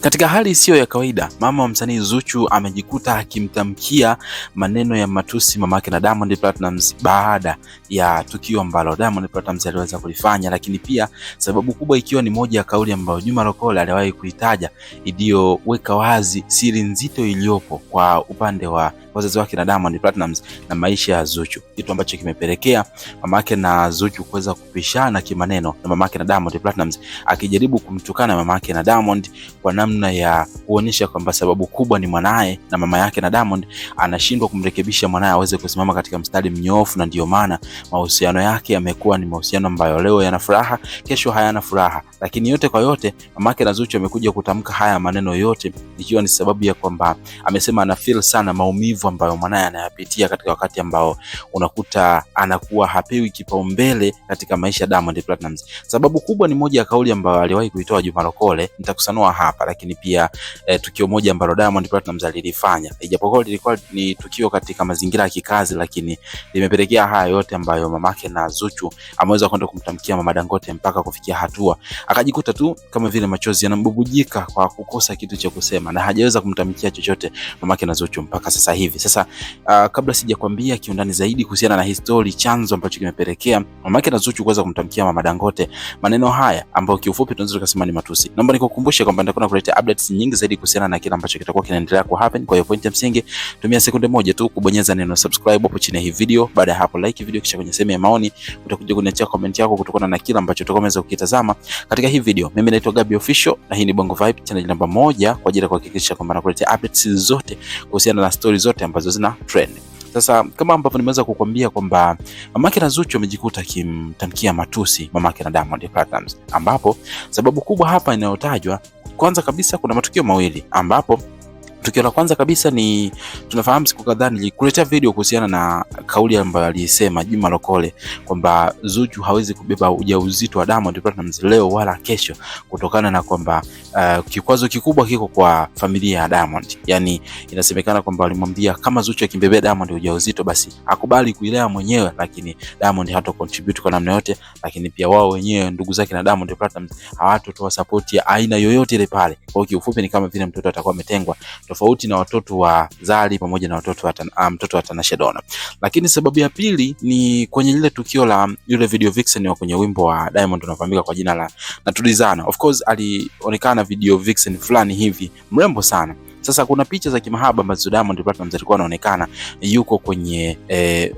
Katika hali isiyo ya kawaida, mama wa msanii Zuchu amejikuta akimtamkia maneno ya matusi mamake na Diamond Platnumz baada ya tukio ambalo Diamond Platnumz aliweza kulifanya, lakini pia sababu kubwa ikiwa ni moja ya kauli ambayo Juma Lokole aliwahi kuitaja iliyoweka wazi siri nzito iliyopo kwa upande wa wazazi wake na Diamond Platnumz na maisha ya Zuchu, kitu ambacho kimepelekea mamake na Zuchu kuweza kupishana kimaneno na mamake na Diamond Platnumz, akijaribu kumtukana mamake na Diamond kwa namna ya kuonyesha kwamba sababu kubwa ni mwanaye na mama yake na Diamond anashindwa kumrekebisha mwanaye aweze kusimama katika mstari mnyoofu, na ndio maana mahusiano yake yamekuwa ni mahusiano ambayo leo yana furaha, kesho hayana furaha. Lakini yote kwa yote, mamake na Zuchu amekuja kutamka haya maneno yote ikiwa ni sababu ya kwamba amesema ana feel sana maumivu maumivu ambayo mwanaye anayapitia katika wakati ambao unakuta anakuwa hapewi kipaumbele katika maisha ya Diamond Platnumz. Sababu kubwa ni moja ya kauli ambayo aliwahi kuitoa Juma Lokole, nitakusanua hapa, lakini pia eh, tukio moja ambalo Diamond Platnumz alilifanya, ijapokuwa lilikuwa ni tukio katika mazingira ya kikazi, lakini limepelekea haya yote ambayo mamake na Zuchu ameweza kwenda kumtamkia mama Dangote mpaka kufikia hatua akajikuta tu kama vile machozi yanambubujika kwa kukosa kitu cha kusema na hajaweza kumtamkia chochote mamake na Zuchu mpaka sasa hivi hivi sasa. Uh, kabla sijakwambia kiundani zaidi kuhusiana na history, chanzo ambacho kimepelekea mama yake na Zuchu kuweza kumtamkia mama Dangote maneno haya ambayo kiufupi tunaweza tukasema ni matusi, naomba nikukumbushe kwamba nitakuwa nakuletea updates nyingi zaidi kuhusiana na kile ambacho kitakuwa kinaendelea ku happen. Kwa hiyo point ya msingi, tumia sekunde moja tu kubonyeza neno subscribe hapo chini ya hii video. Baada ya hapo, like video, kisha kwenye sehemu ya maoni utakuja kuniachia comment yako kutokana na kile ambacho tutakomeza kukitazama katika hii video. Mimi naitwa Gabi Official na hii ni Bongo Vibe channel namba moja kwa ajili ya kuhakikisha kwamba nakuletea updates zote kuhusiana na story zote zote ambazo zina trend. Sasa kama ambavyo nimeweza kukwambia kwamba mamake na Zuchu amejikuta akimtamkia matusi mamake na Diamond Platnumz, ambapo sababu kubwa hapa inayotajwa, kwanza kabisa kuna matukio mawili ambapo Tukio la kwanza kabisa ni tunafahamu, siku kadhaa nilikuletea video kuhusiana na kauli ambayo alisema Juma Lokole kwamba Zuchu hawezi kubeba ujauzito wa Diamond Platnumz leo wala kesho, kutokana na kwamba uh, kikwazo kikubwa kiko kwa familia ya Diamond. Yani inasemekana kwamba walimwambia kama Zuchu akimbebea Diamond ujauzito, basi akubali kuilea mwenyewe, lakini Diamond hata contribute kwa namna yote, lakini pia wao wenyewe ndugu zake na Diamond Platnumz hawatotoa support ya aina yoyote ile pale. Kwa hiyo kiufupi ni kama vile mtoto atakuwa ametengwa tofauti na watoto wa Zari pamoja na watoto wa um, mtoto wa Tanasha Dona. Lakini sababu ya pili ni kwenye lile tukio la yule video vixen wa kwenye wimbo wa Diamond unafahamika kwa jina la Natulizana. Of course alionekana video vixen fulani hivi mrembo sana sasa kuna picha za kimahaba ambazo Diamond Platnumz alikuwa anaonekana yuko kwenye eh,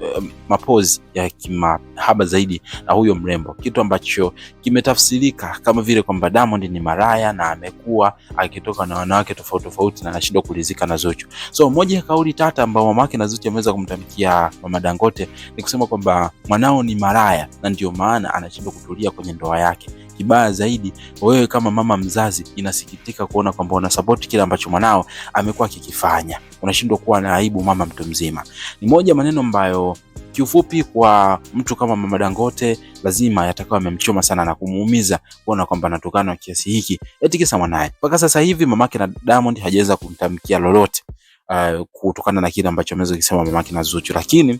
mapozi ya kimahaba zaidi na huyo mrembo, kitu ambacho kimetafsirika kama vile kwamba Diamond ni maraya na amekuwa akitoka na wanawake tofauti tofauti na anashindwa kulizika na Zuchu. So moja ya kauli tata ambao mama yake na Zuchu ameweza kumtamkia mama Dangote ni kusema kwamba mwanao ni maraya na ndio maana anashindwa kutulia kwenye ndoa yake kibaya zaidi, wewe kama mama mzazi inasikitika kuona kwamba unasapoti kile ambacho mwanao amekuwa akikifanya, unashindwa kuwa na aibu mama mtu mzima. Ni moja maneno ambayo kiufupi kwa mtu kama mama Dangote lazima yatakawa amemchoma sana na kumuumiza kuona kwamba anatukana kiasi hiki eti kisa mwanaye. Mpaka sasa hivi mamake na Diamond hajaweza kumtamkia lolote uh, kutokana na kile ambacho ameweza kusema mamake na Zuchu, lakini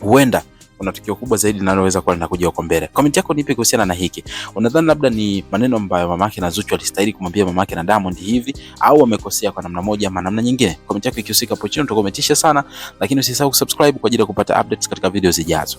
huenda kuna tukio kubwa zaidi linaloweza kuwa linakuja huko mbele. Comment yako nipe kuhusiana na hiki. Unadhani labda ni maneno ambayo mamake na Zuchu alistahili kumwambia mamake na Diamond hivi au amekosea kwa namna moja ama namna nyingine? Comment yako ikihusika hapo chini umetisha sana, lakini usisahau kusubscribe kwa ajili ya kupata updates katika video zijazo.